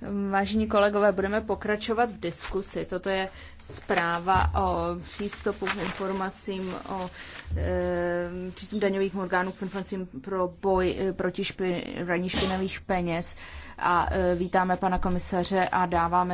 Um, Vážení kolegové, budeme pokračovat v diskusi. Toto je zpráva o přístupu k informacím, o eh, přístupu daňových orgánů k informacím pro boj eh, proti praní špinavých peněz. A eh, vítáme pana komisaře a dáváme